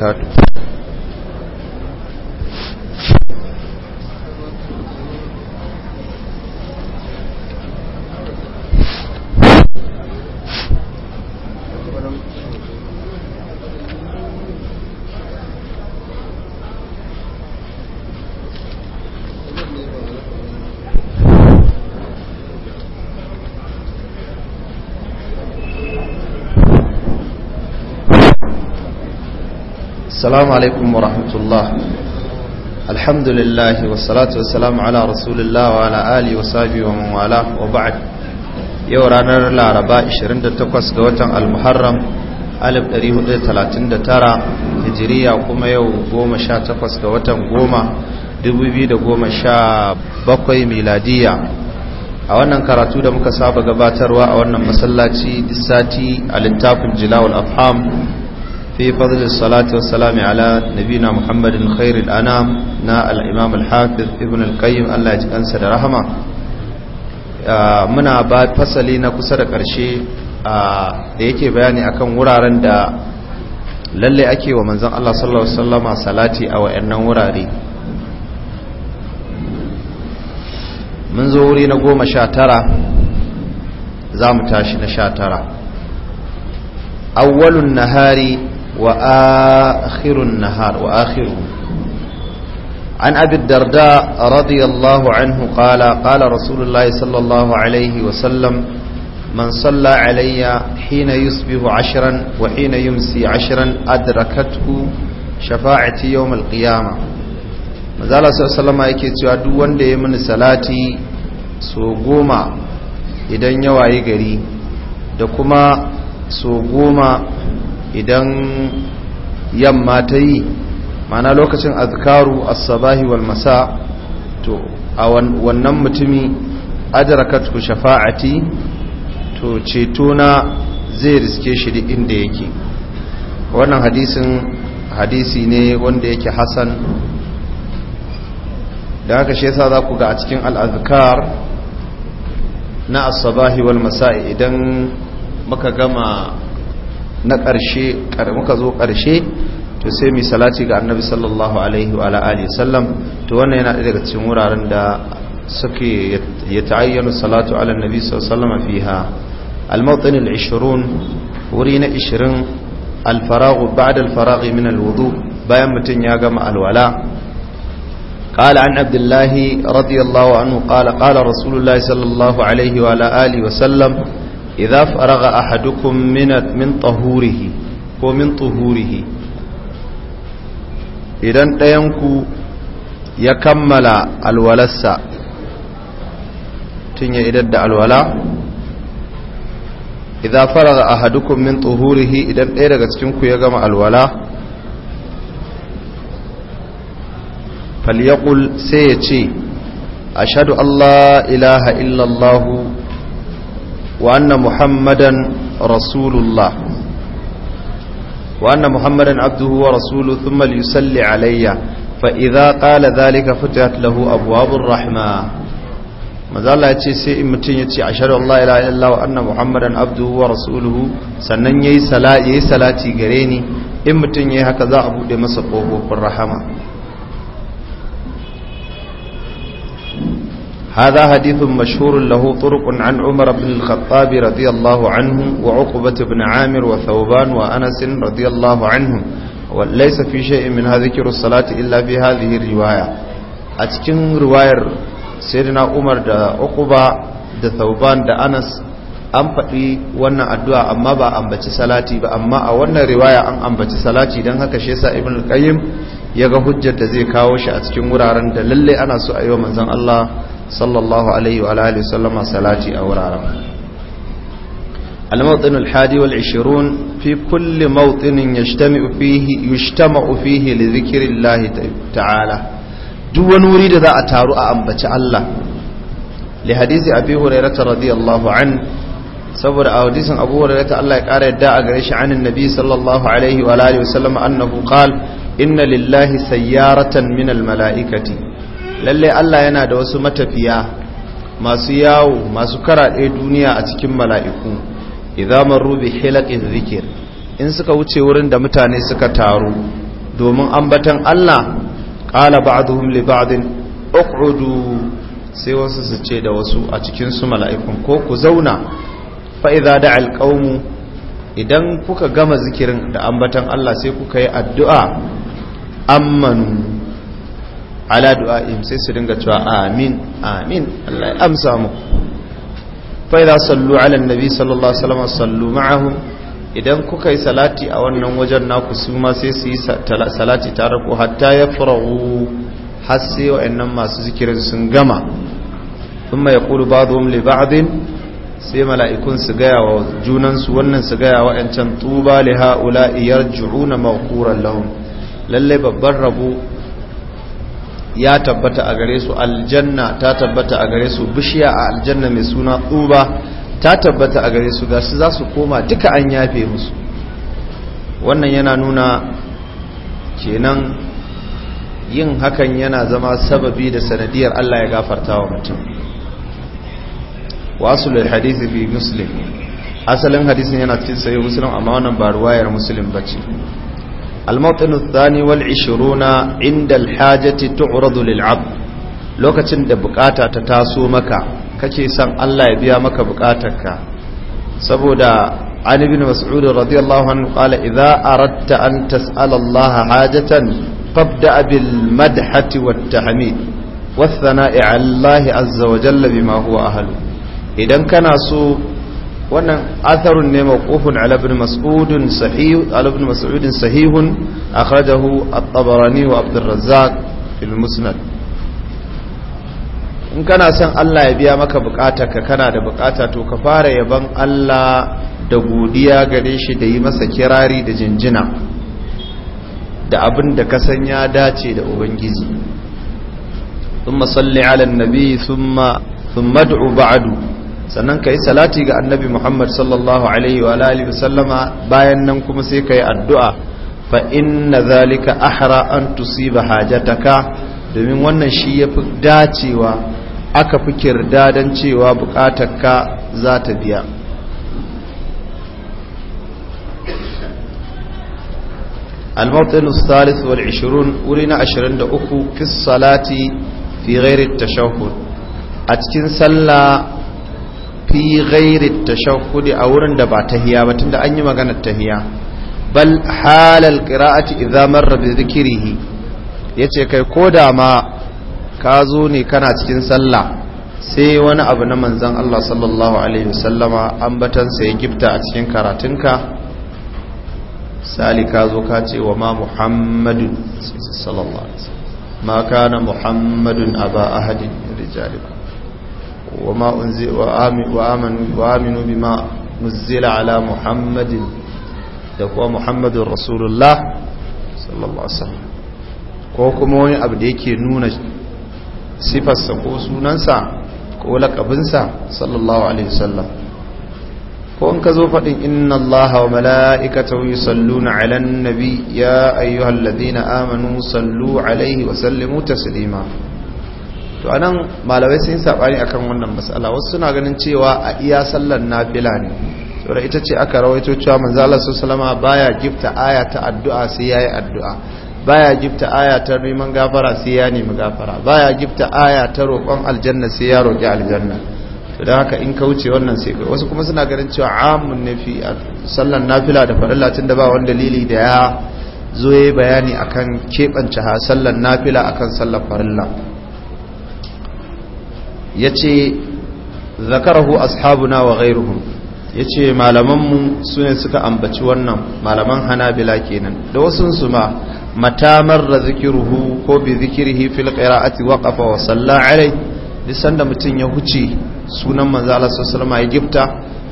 barakatuh السلام عليكم ورحمة الله الحمد لله والصلاة والسلام على رسول الله وعلى آله وصحبه ومن والاه وبعد yau ranar laraba 28 ga watan almuharram 1439 hijiriya kuma yau 18 ga watan sha bakwai miladiya a wannan karatu da muka saba gabatarwa a wannan masallaci sati a littafin jilawul afham في فضل الصلاة والسلام على نبينا محمد خير الأنام نا الإمام الحافظ ابن القيم الله يجعل رحمه muna ba fasali na kusa da ƙarshe da yake bayani akan wuraren da lalle ake wa manzan Allah sallallahu Alaihi wasallama salati a wa'annan wurare mun zo wuri na goma sha tara za mu tashi na sha tara nahari وآخر النهار وآخره عن أبي الدرداء رضي الله عنه قال قال رسول الله صلى الله عليه وسلم من صلى علي حين يصبح عشرا وحين يمسي عشرا أدركته شفاعتي يوم القيامة مازال صلى الله عليه وسلم yake cewa duk wanda ya mini salati so goma idan ya waye gari da kuma so goma idan yamma ta yi mana lokacin azkaru asabahi wal masa to a wannan mutumi adrakat ku shafa'ati to ceto na zai riske shi duk inda yake wannan hadisin hadisi ne wanda yake hasan da haka shi yasa za ku ga a cikin al'azkar na asabahi wal masa idan muka gama na ƙarshe muka zo ƙarshe to sai mai salati ga annabi sallallahu alaihi wa alihi sallam to wannan yana daga cikin wuraren da suke ya ta'ayyana salatu ala nabi sallallahu fiha al-mawtin al-20 wuri na ishirin al-faragh ba'da al min al-wudu bayan mutum ya gama alwala قال عن عبد الله رضي الله عنه قال قال رسول الله صلى الله عليه وعلى آله وسلم idza faraga ahadukum min min tahurihi ko min tuhurihi idan ɗayanku ya kammala alwalassa tun ya idar da alwala idza faraga ahadukum min tuhurihi idan ɗaya daga cikin ku ya gama alwala falyaqul sai ya ce ashhadu an la ilaha illallah وأن محمدا رسول الله وأن محمدا عبده ورسوله ثم ليصلي علي فإذا قال ذلك فتحت له أبواب الرحمة maza sai in mutum ya ce ashhadu an la wa anna muhammadan abduhu wa rasuluhu sannan yayi salati yayi salati gare ni in mutum yayi haka za a buɗe masa ƙofofin rahama هذا حديث مشهور له طرق عن عمر بن الخطاب رضي الله عنه وعقبة بن عامر وثوبان وأنس رضي الله عنهم وليس في شيء من ذكر الصلاة إلا في هذه الرواية أتكن رواية سيدنا عمر دا عقبة دا ثوبان دا أنس an faɗi wannan addu'a amma ba ambaci salati ba amma a wannan riwaya an ambaci salati don haka shi yasa ibn al-qayyim ya ga hujjar da zai kawo shi a cikin wuraren da lallai ana so a yi wa manzon Allah sallallahu alaihi wa alihi sallama salati a wuraren al-mawdin al-hadi wal 20 fi kulli mawdinin yajtamiu fihi yajtamiu fihi li dhikrillahi ta'ala duk wani wuri da za a taru a ambaci Allah li hadisi abi hurairah radiyallahu an saboda a hadisin abu hurairah ala ya kara yadda a gare shi anin nabi sallallahu alaihi wa alihi wa sallama annahu qala inna lillahi sayyaratan min al-mala'ikati lalle Allah yana da wasu matafiya masu yawo masu karaɗe duniya a cikin mala'iku idan maru rubi hilakin zikir in suka wuce wurin da mutane suka taru domin ambatan Allah ƙala a li ba'din ɗaukudu sai wasu su ce da wasu a cikin su mala'ikun ko ku zauna fa'iza da da'a idan kuka gama zikirin da ambatan Allah sai kuka yi addu'a ammanu ala du'a'im sai su dinga cewa amin amin Allah ya amsa mu fa idza sallu ala nabi sallallahu alaihi wasallam sallu ma'ahum idan kuka yi salati a wannan wajen naku su ma sai su yi salati tare ku hatta ya furahu har sai wa'annan masu zikirin sun gama sun mai kudu ba zuwan sai mala'ikun su gaya wa su wannan su gaya wa'ancan tuba li ha'ula iyar ju'una makuran lahun lallai babban rabo ya tabbata a gare su aljanna ta tabbata a gare su bishiya a aljanna mai suna tsuba ta tabbata a gare su ga su za su koma duka an yafe musu wannan yana nuna kenan yin hakan yana zama sababi da sanadiyar Allah ya gafarta wa mutum wasu lai hadisi bi muslim asalin hadisin yana cikin sayo muslim amma wannan ba ruwayar muslim bace الموطن الثاني والعشرون عند الحاجة تعرض للعبد lokacin da bukata ta taso maka kake san Allah ya biya maka bukatarka saboda an ibn mas'ud radiyallahu anhu qala idza aradta an tas'ala Allah hajatan fabda bil madhati wat tahmid was thana'i 'ala Allah azza wa jalla bima huwa ahlu idan kana so wannan atharun ne mawqufun ala ibn mas'ud sahih ala ibn mas'ud sahih akhrajahu at-tabarani wa abd razzaq fil musnad in kana san Allah ya biya maka ka kana da bukata to ka fara yaban Allah da godiya gare shi da yi masa kirari da jinjina da abin da ka san ya dace da ubangiji salli ala an-nabi thumma thumma ad'u ba'du sannan ka yi salati ga annabi muhammad sallallahu alaihi wa alihi sallama bayan nan kuma sai ka yi addu'a fa inna zalika ahra an tusiba hajataka domin wannan shi ya fi dacewa aka fi kirda don cewa bukatarka za ta biya الموطن الثالث والعشرون ورنا عشرين دقو في الصلاة في غير التشهد أتكن صلى fi ghairi tashahhudi a wurin da ba tahiya ba tunda an yi magana tahiya bal halal qira'ati idza marra bi dhikrihi yace kai koda ma ka zo ne kana cikin sallah sai wani abu na manzon Allah sallallahu alaihi wasallama ambatan sai gifta a cikin karatunka sali ka zo ka ce wa ma muhammadun sallallahu alaihi wasallam ma kana muhammadun aba ahadin rijalikum وما أنزل وآمنوا, وآمنوا بما نزل على محمد دكوا محمد رسول الله صلى الله عليه وسلم ko kuma wani abu da yake nuna sifarsa ko sunansa ko lakabinsa sallallahu alaihi wasallam ko in ka zo faɗin inna Allah wa mala'ikatahu yusalluna 'alan nabi ya ayyuhalladhina amanu sallu taslima to anan malawai sun sabani akan wannan mas'ala wasu suna ganin cewa a iya sallar nafila ne saboda ita ce aka rawaito cewa manzo Allah sallama baya gifta aya ta addu'a sai yayi addu'a baya gifta aya ta neman gafara sai ya nemi gafara baya gifta aya ta roƙon aljanna sai ya roƙi aljanna to dan haka in kauce wannan sai wasu kuma suna ganin cewa amun nafi sallar nafila da farilla tunda ba wani dalili da ya zo yayi bayani akan kebanta sallar nafila akan sallar farilla yace zakarahu ashabuna wa gairuhu yace malamanmu su ne suka ambaci wannan malaman hanabila kenan da wasun su ma mata marra zikirhu ko bi zikirihi fil qira'ati waqafa wa salla alai lisan da mutun ya huce sunan manzo Allah sallallahu alaihi ya gifta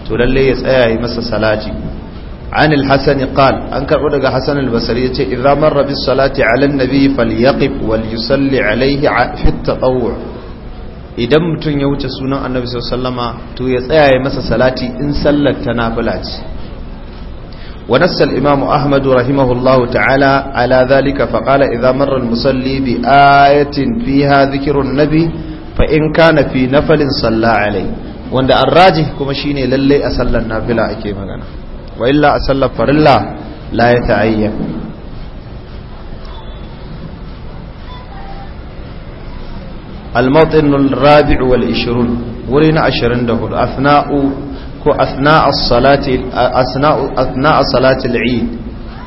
to lalle ya tsaya yi masa salati عن الحسن قال أنكر أدق حسن البصري إذا مر بالصلاة على النبي فليقف وليصلي عليه في التطوع idan mutum ya wuce sunan annabi sallama to ya tsaya ya masa salati in sallar ta nafila ce wa nassal imamu ahmadu rahimahullahu ta'ala ala zalika fa qala idza marra al-musalli fi ayatin fiha dhikrun nabi fa in kana fi nafalin salla alai wanda an raji kuma shine lallai a sallar nafila ake magana wa illa a sallar farilla la ya al الرابع والعشرون ورنا عشرين ده أثناء كو أثناء الصلاة أثناء أثناء صلاة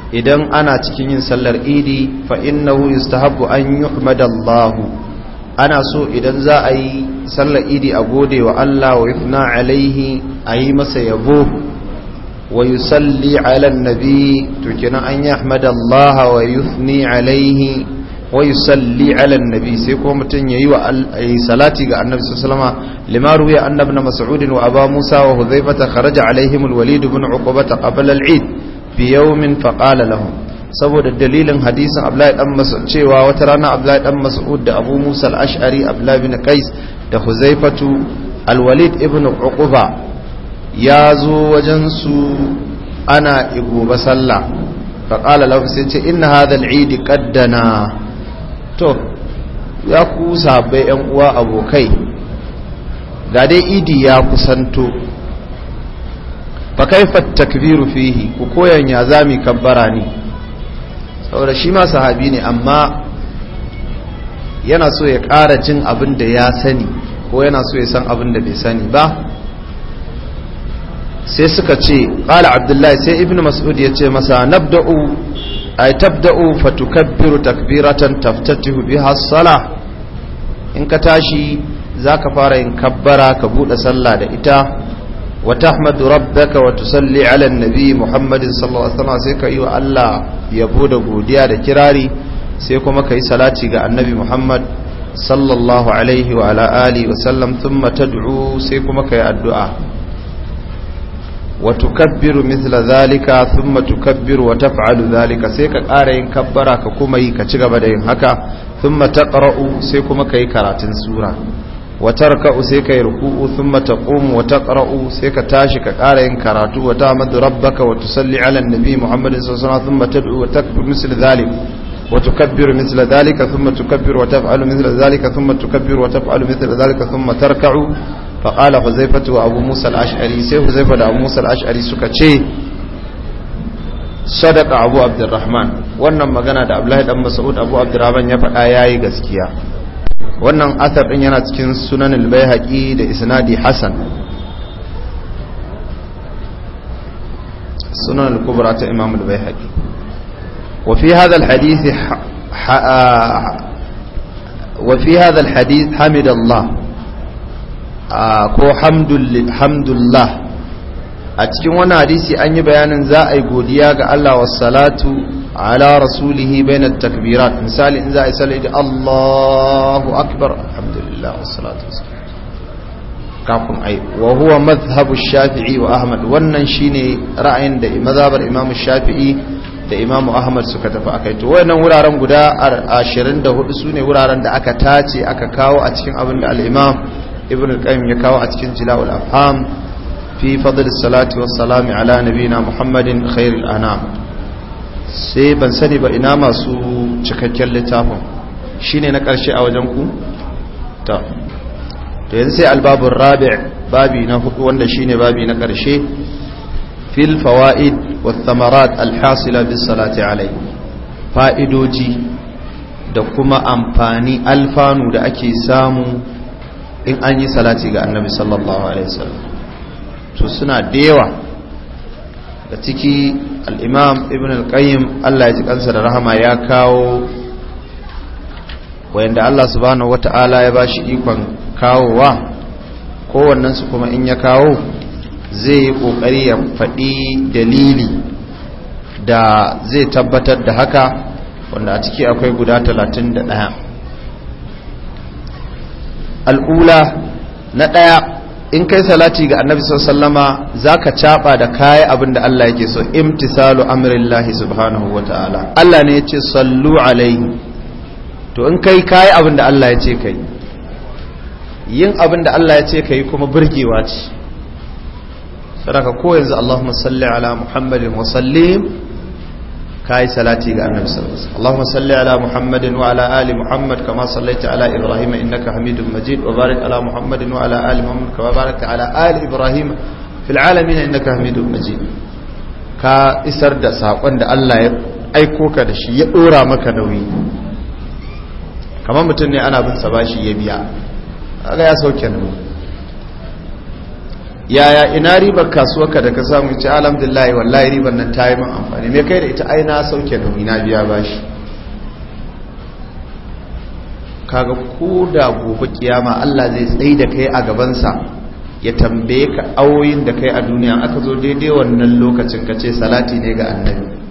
idan ana cikin yin sallar idi fa innahu yustahabbu an yuhmadallahu ana so idan za a yi sallar idi a gode wa Allah wa yufna alaihi a yi masa yabo wa yusalli ala nabi to kenan an yahmadallaha wa yufni alaihi wa yusalli ala nabi sai kuma mutum yayi wa salati ga annabi sallama lima ruwiya annabi na mas'ud wa aba musa wa hudhaifata kharaja alaihim alwalid ibn uqbata qabla al-eid bi yawmin fa qala lahum saboda dalilin hadisin abdullahi dan mas'ud cewa wata rana abdullahi dan mas'ud da abu musa al-ash'ari abdullahi bin qais da hudhaifatu alwalid ibn uqba ya zo wajen su ana igoba sallah fa qala lahum sai ce inna hadha al-eid qaddana to ya ku sabai yan uwa abokai ga dai idi ya kusanto fa takbiru fihi ku koyan ya zami kabbara ne saboda shi ma sahabi ne amma yana so ya kara jin abin da ya sani ko yana so ya san abin da bai sani ba sai suka ce qala abdullahi sai ibnu mas'ud ya ce masa nabda'u ay tabda'u fatukabbiru takbiratan taftatihu biha as-salah in ka tashi zaka fara yin kabbara ka bude sallah da ita wa tahmadu rabbaka wa tusalli ala an-nabi muhammadin sallallahu alaihi wasallam sai ka yi wa Allah yabo da godiya da kirari sai kuma ka yi salati ga annabi muhammad sallallahu alaihi wa ala alihi wa sallam thumma tad'u sai kuma ka yi addu'a wa tukabbiru mithla zalika thumma tukabbiru wa taf'alu zalika sai ka ƙara yin kabbara ka kuma yi ka cigaba da yin haka thumma taqra'u sai kuma kai karatun sura wa tarka'u sai kai ruku'u thumma taqumu wa taqra'u sai ka tashi ka ƙara yin karatu wa ta'mudu rabbaka wa tusalli 'ala an-nabi muhammadin sallallahu alaihi wasallam thumma wa takbur mithla zalika wa tukabbiru mithla zalika thumma tukabbiru wa taf'alu mithla zalika thumma tukabbiru wa taf'alu mithla zalika thumma tarka'u faƙala huzaifatu wa abu musa al'ashari sai huzaifa da abu musa al'ashari suka ce sadaka abu abdurrahman wannan magana da abdullahi dan mas'ud abu abdurrahman ya faɗa ya yi gaskiya wannan athar din yana cikin sunan al-baihaqi da isnadi hasan sunan al-kubra ta imam al-baihaqi wa fi hadha al-hadith ko hamdulillah a cikin wani hadisi an yi bayanin za a yi godiya ga Allah wa salatu ala rasulihi bainat takbirat misali in za a yi salatu Allahu akbar alhamdulillah wa salatu kafin ai wa huwa madhhabu shafi'i wa ahmad wannan shine ra'ayin da mazhabar imamu shafi'i da imamu ahmad suka tafi akai to wayannan wuraren guda 24 sune wuraren da aka tace aka kawo a cikin abin da al-imam ibn al-qayyim ya kawo a cikin jila'ul afham fi fadl salati was ala nabina muhammadin khairul anam sai ban sani ba ina masu cikakken littafin shine na karshe a wajen ku ta to yanzu sai albabur rabi' babi na hudu wanda shine babi na karshe fil fawaid wa thamarat al-hasila bis salati alayhi fa'idoji da kuma amfani alfanu da ake samu in an yi salati ga annabi sallallahu alaihi wasallam to suna da yawa da ciki al-imam ibn al-qayyim Allah ya ji kansa da rahama ya kawo wayanda Allah subhanahu wata'ala ya shi ikon kawowa kowannen su kuma in ya kawo zai yi kokari ya faɗi dalili da zai tabbatar da haka wanda a ciki akwai guda 31 al'ula na ɗaya in kai salati ga annabi sallama za ka caɓa da kayi abin da Allah yake so imtisalu amrillahi subhanahu wa ta'ala Allah ne ya ce sallu alaihi to in kai kayi abin da Allah ya ce kai yin abin da Allah ya ce kai kuma birgewa ce sadaka ko yanzu Allahumma salli ala Muhammadin wa sallim kayi salati ga annabi sallallahu alaihi wasallam Allahumma salli ala Muhammadin wa ala ali Muhammad kama sallaita ala Ibrahim innaka Hamidum Majid wa barik ala Muhammadin wa ala ali Muhammad kama barakta ala ali Ibrahim fil alamin innaka Hamidum Majid ka isar da sakon da Allah ya aiko ka da shi ya dora maka nauyi kamar mutum ne ana bin sa bashi ya biya kaga ya sauke nauyi yaya ina ribar kasuwarka da ka samu ce alhamdulillah wallahi ribar nan ta yi min amfani me kai da ita aina sauke ina ina biya bashi kaga ko da gobe kiyama Allah zai tsayi da kai a gabansa ya tambaye ka awoyin da kai a duniya aka zo daidai wannan lokacin ka ce salati ne ga annabi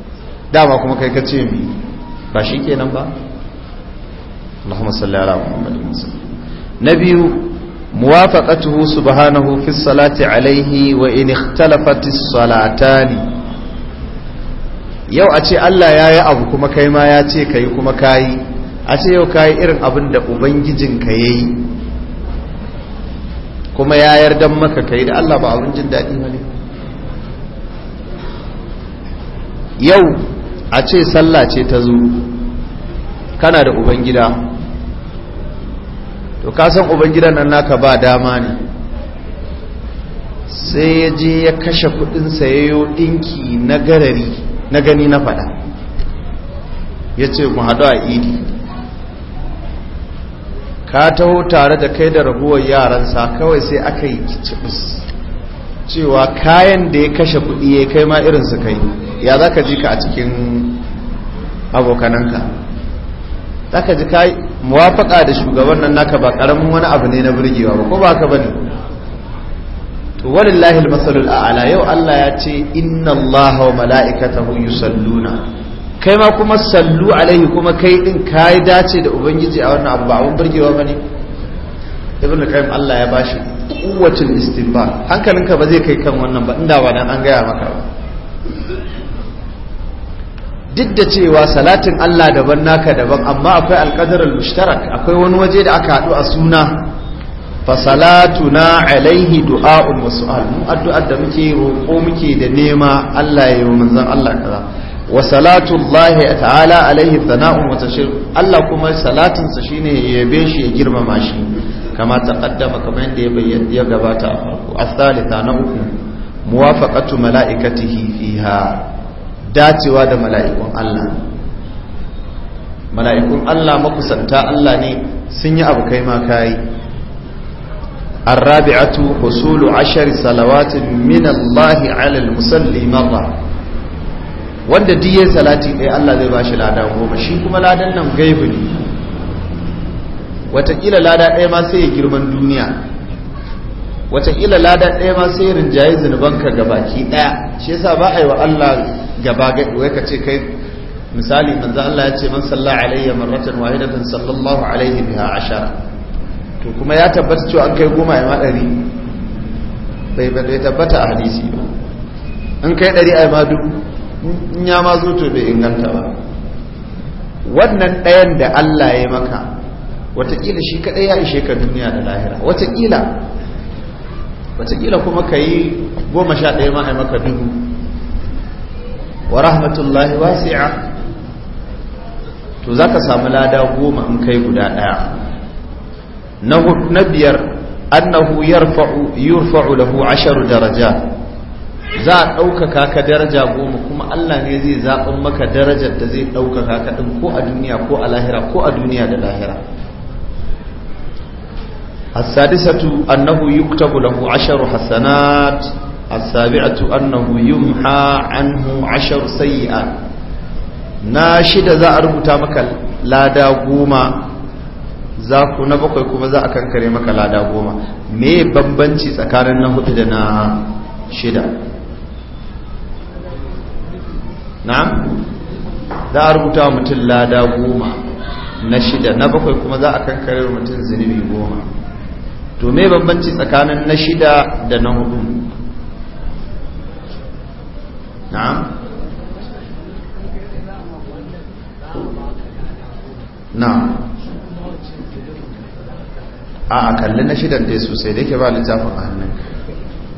dama kuma kai ka ce mi ba shi kenan ba Allahumma salli ala Muhammadin na biyu muwafaqatuhu subhanahu fi salati alaihi wa in ikhtalafat as-salatani yau a ce Allah ya yi abu kuma kai ma ya ce kai kuma kai a ce yau kai irin abin da ubangijin ubangijinka yayi kuma ya yarda maka kai da Allah ba abin jin dadi bane yau a ce sallah ce ta zo kana da ubangida to kasan ubangidan nan naka ba dama ne sai ya je ya kashe kudin sayayyo dinki na garari na gani na fada ya ce mu hadu a idi ka taho tare da kai da yaran yaransa kawai sai aka yi kicibis cewa kayan da ya kashe kudi ya kai ma irinsu kai ya za ka ji ka a cikin abokananka za ka ji muwafaka da shugaban nan naka ba karamin wani abu ne na burgewa ba ko ba ka bane to walillahi almasalul a'la yau Allah ya ce inna Allaha wa mala'ikatahu yusalluna kai ma kuma sallu alaihi kuma kai din kai dace da ubangiji a wannan abu ba abun burgewa bane ibn qayyim Allah ya bashi kuwatul istinbar hankalinka ba zai kai kan wannan ba inda ba dan an gaya maka ba duk da cewa salatin Allah daban naka daban amma akwai alƙadarar mushtarak akwai wani waje da aka haɗu a suna fa na alaihi du'a'un wasu su'al addu'ar da muke roƙo muke da nema Allah ya yi manzan Allah kaza wa salatu Allah ta'ala alaihi sana'un wata shi Allah kuma salatin sa shine ya yabe shi ya girmama shi kama kaddama kamar yadda ya bayyana ya gabata a farko as-salita na uku muwafaqatu mala'ikatihi fiha dacewa da mala'ikun Allah mala'ikun Allah makusanta Allah ne sun yi abu kai ma kayi الرابعة حصول ashari salawatin من الله على musalli مرة wanda duk salati ɗaya Allah zai ba shi lada goma shi kuma ladan nan gaibu ne wataƙila lada ɗaya ma sai ya girman duniya wataƙila lada ɗaya ma sai ya rinjaye zunubanka ga baki ɗaya shi yasa ba a yi wa Allah gaba gadi wai ka ce kai misali manzo Allah ya ce man salla alayya marratan wahidatan sallallahu alaihi biha ashara to kuma ya tabbata cewa an kai goma ya ma dari bai bai tabbata a hadisi ba an kai dari ai ma duk in ya ma zo to bai inganta ba wannan ɗayan da Allah ya maka watakila shi kaɗai ya ishe ka duniya da lahira watakila Wataƙila kuma ka yi goma sha ɗaya ma a maka dubu wa rahmatullahi wasi'a to za ka samu lada goma in kai guda ɗaya na biyar annahu yurfa'u lahu asharu daraja za a ɗaukaka ka daraja goma kuma Allah ne zai zaɓin maka darajar da zai ɗaukaka ka ɗin ko a duniya ko a lahira ko a duniya da lahira السادسة أنه يكتب له عشر حسنات السابعة أنه يمحى عنه عشر سيئة ناشد ذا أربط مك لا داقوما ذا كنبق كما ذا أكن كريمك لا داقوما مي بمبنشي سكارن نهد لنا شد نعم ذا أربط متل لا داقوما نشد نبق كما ذا أكن كريمك زنبي قوما to me bambanci tsakanin na shida da na hudu na'am na'am a kalli na shidan dai sosai da yake ba littafin a hannun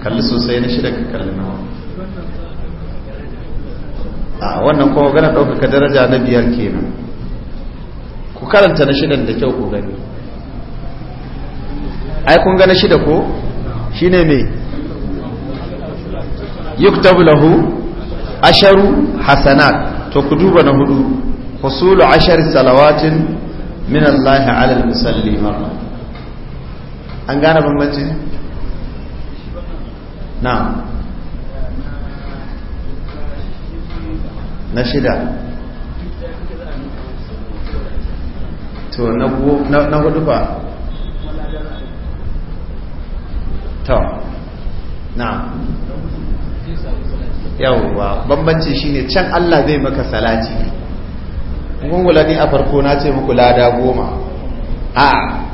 kalli sosai na shidan ka kalli nawa wannan kuma gana ɗaukaka daraja na biyar kenan ku karanta na shidan da kyau ku gani ko shine me asharu hasanat to ku duba na hudu husulu ashar salawatin min Allah ala al-musalli marra an gane bambanci na na shida to na hudu ba to na yawwa bambanci shine can Allah zai maka salati gungula ni a farko na ce muku lada goma a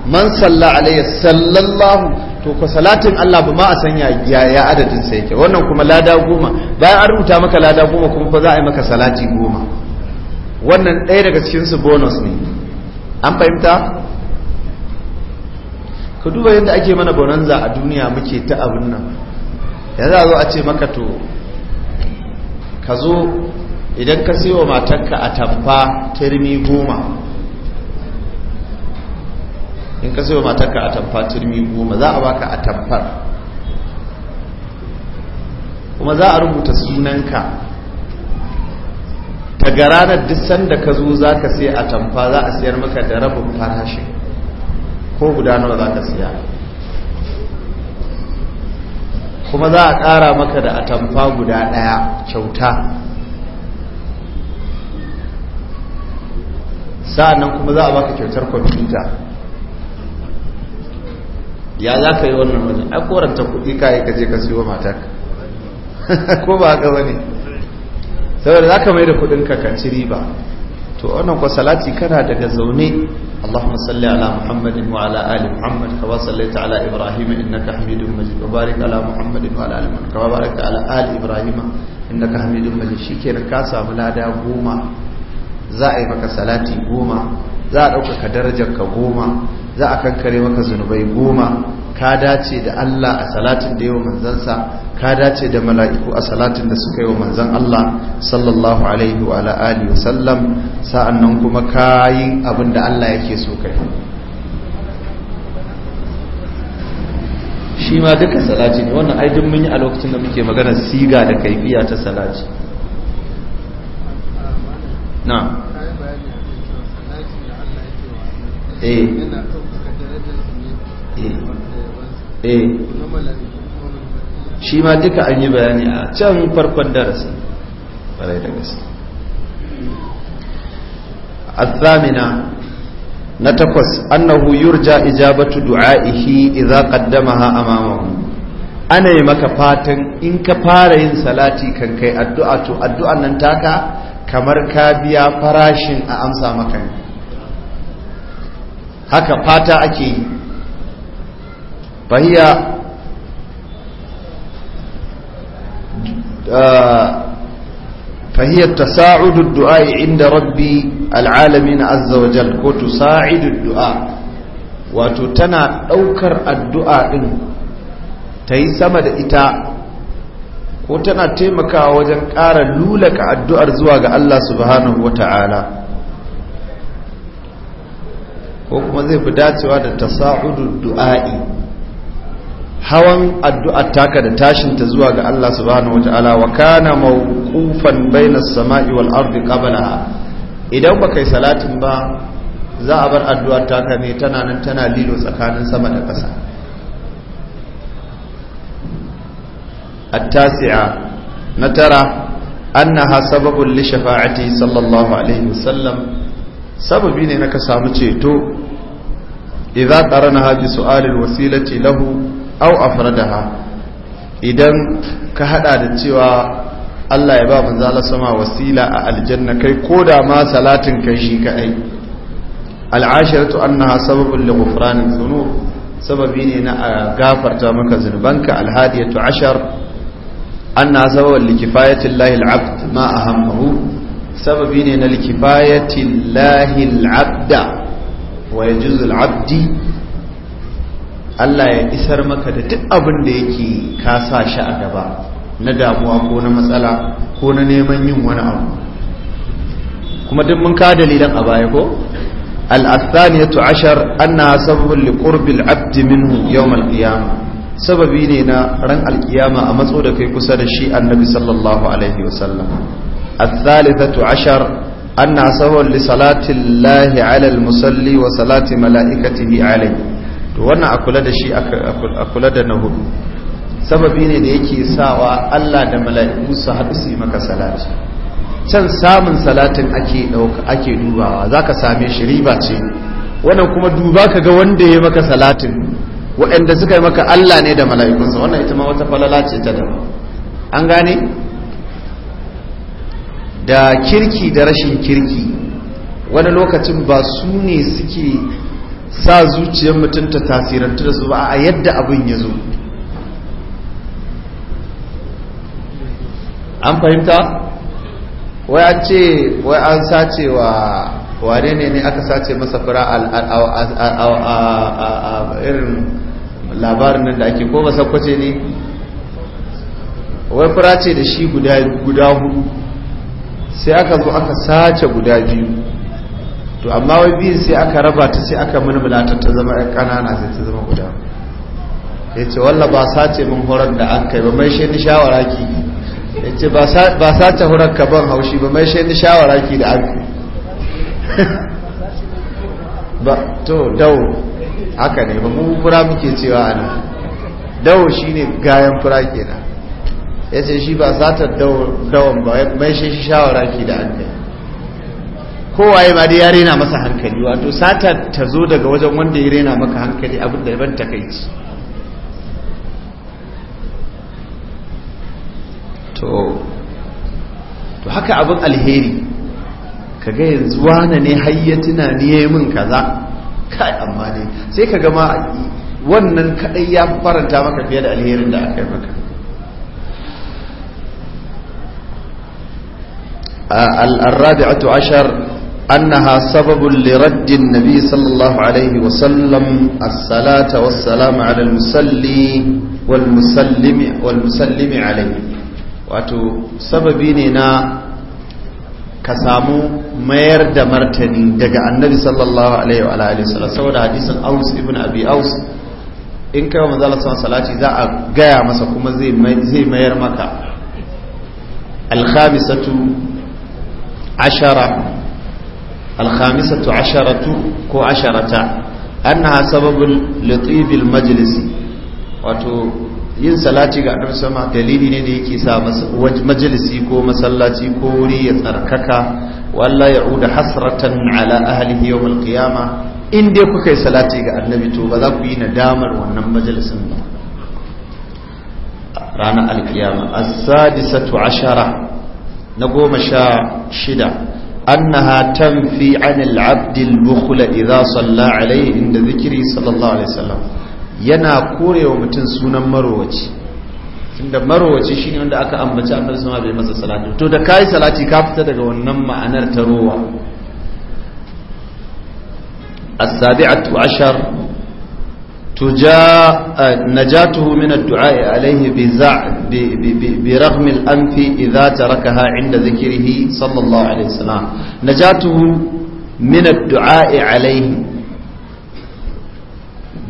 man salla alayhi sallallahu to ku salatin Allah ba ma a sanya ya ya adadin sa yake wannan kuma lada goma bayan an rubuta maka lada goma kuma fa za a yi maka salati goma wannan ɗaya daga cikin su bonus ne an fahimta ka duba yadda ake mana bonanza a duniya muke ta abin nan yanzu a zo a ce maka to ka zo idan ka siyo matarka a tamfa turmi goma in ka siyo matanka a tamfa turmi goma za a baka a tamfar kuma za a rubuta sunanka ta garanar ranar duk sanda ka zo za ka siya a tamfa za a siyar maka da rabin farashi ko guda nawa za ka siya kuma za a ƙara maka da atamfa guda ɗaya kyauta sa'annan kuma za a baka kyautar kwamfuta ya za ka yi wannan wani a koranta kuɗi kayi ka je ka siyo matak ko ba ka wani saboda za ka mai da kuɗin ka riba to wannan ko salati kana daga zaune Allahumma salli ala Muhammad wa ala ali Muhammad kama sallaita ala Ibrahim innaka Hamidum Majid wa barik ala Muhammad wa ala ali Muhammad kama barakta ala ali Ibrahim innaka Hamidum Majid shikenan ka samu lada goma za a yi maka salati goma za a ɗaukaka darajar ka goma za a kankare maka zunubai goma ka dace da Allah a salatin da yawa manzansa ka dace da mala'iku a salatin da suka yi wa manzan Allah sallallahu alaihi wa sallam sa'an nan kuma ka yi abin da Allah yake so kai shi ma duka salati ne wannan ai mun yi a lokacin da muke magana siga da kaifiya ta salati na eh Eh. eh shi ma duka an yi bayani a can farkon darasi ɓarai da gasi a na takwas annahu yurja ijabatu du'a'ihi idza qaddamaha amamahu ana yi maka fatan in ka fara yin salati kan kai addu'a to addu'an nan taka kamar ka biya farashin a amsa maka haka fata ake yi fahiya فهي التساعد الدعاء عند ربي العالمين عز وجل وتساعد الدعاء وتتنا أوكر الدعاء تيسم الإتاء وتنا تيمكا وجن قار لولك الدعاء زواج الله سبحانه وتعالى وكما ذي بدات وهذا تساعد الدعاء hawan addu'ar taka da tashinta zuwa ga Allah subhanahu wata'ala wa kana mawqufan bainas sama'i wal ardi qablaha idan baka yi salatin ba za a bar addu'ar taka ne tana nan tana lilo tsakanin sama da ƙasa at-tasi'a na tara annaha sababun li shafa'ati sallallahu alaihi wasallam sababi ne naka samu ceto idza qaranaha bi su'alil wasilati lahu au afradaha idan ka hada da cewa Allah ya ba manzo Allah sama wasila a aljanna kai koda ma salatin kai shi kadai al'ashiratu annaha sababun li ghufranin dhunub sababi ne na gafarta maka zunubanka alhadiyatu ashar annaha sababun li kifayati llahi al'abd ma ahammahu sababi ne na li kifayati llahi al'abd wa yajuzu al'abdi Allah ya isar maka da duk abin da yake ka sa shi a gaba na damuwa ko na matsala ko na neman yin wani abu kuma duk mun ka dalilan a baya ko al-athaniyatu ashar ana sabbul liqurbil abd minhu yawm al sababi ne na ran al-qiyama a matso da kai kusa da shi annabi sallallahu alaihi wa sallam al-thalithatu ashar ana sabbul li salati llahi musalli wa salati malaikatihi alaihi to wannan a kula da shi a kula da na hudu sababi ne da yake sawa Allah da mala'iku su haɗu su yi maka salati can samun salatin ake ɗauka ake dubawa za ka same shi riba ce wannan kuma duba ka ga wanda ya maka salatin waɗanda suka yi maka Allah ne da mala'ikunsa wannan ita ma wata falala ce ta dama an gane da kirki da rashin kirki wani lokacin ba su ne suke sa zuciyar mutum ta tasirantu da su ba a yadda abin ya zo an fahimta wai an ce wai an sace wa wane ne ne aka sace masa fura a irin labarin nan da ake ko ba sakwace ne wai fura ce da shi guda hudu sai aka zo aka sace guda biyu to amma wai biyun sai aka raba ta sai aka mulmula ta ta zama ƴan ƙanana sai ta zama guda ya ce walla ba sace min horar da an kai ba mai shi ni shawara ki ya ce ba sace horar ka ban haushi ba mai shi ni shawara ki da an kai ba to dawo haka ne ba mu fura muke cewa ana dawo shine gayan fura kenan ya ce shi ba satar dawon ba mai shi shawara ki da an kai kowaye ma dai ya rena masa hankali wato sata ta zo daga wajen wanda ya rena maka hankali abin da ban takaici to to haka abin alheri kaga yanzu wane ne hayyatina ni yayi min kaza kai amma ne sai kaga ma wannan kadai ya faranta maka fiye da alherin da aka yi maka Al-Rabi'a al-rabi'atu ashar. أنها سبب لرد النبي صلى الله عليه وسلم الصلاة والسلام على المسلي والمسلم والمسلم عليه wato sababi ne na ka samu mayar da martani daga annabi sallallahu alaihi wa alihi wasallam saboda hadisin Aus ibn Abi Aus in kai wa manzala salati za a gaya masa kuma zai mayar maka al-khamisatu ashara alhamisatu asharatu ko asharata annaha sababin latibil majalisi wato yin salati ga annabi sama dalili ne da yake sa majalisi ko masallaci ko wuri ya tsarkaka ya uda hasratan ala ahlihi yawm alqiyama in dai kuka yi salati ga annabi to ba za ku yi nadamar wannan majalisin ba rana alkiyama as-sadisatu ashara na goma sha shida أنها تنفي عن العبد البخل إذا صلى عليه عند ذكره صلى الله عليه وسلم yana korewa mutum sunan marowaci tunda marowaci shine wanda aka ambaci annabi sama bai masa salatu to da kai salati ka fita daga wannan ma'anar ta rowa as-sabi'atu ashar najatuhu min addu'a alaihi bi za' bi raghmi al-anfi idza tarakaha inda zikrihi sallallahu alaihi wasallam najatuhu min addu'a alaihi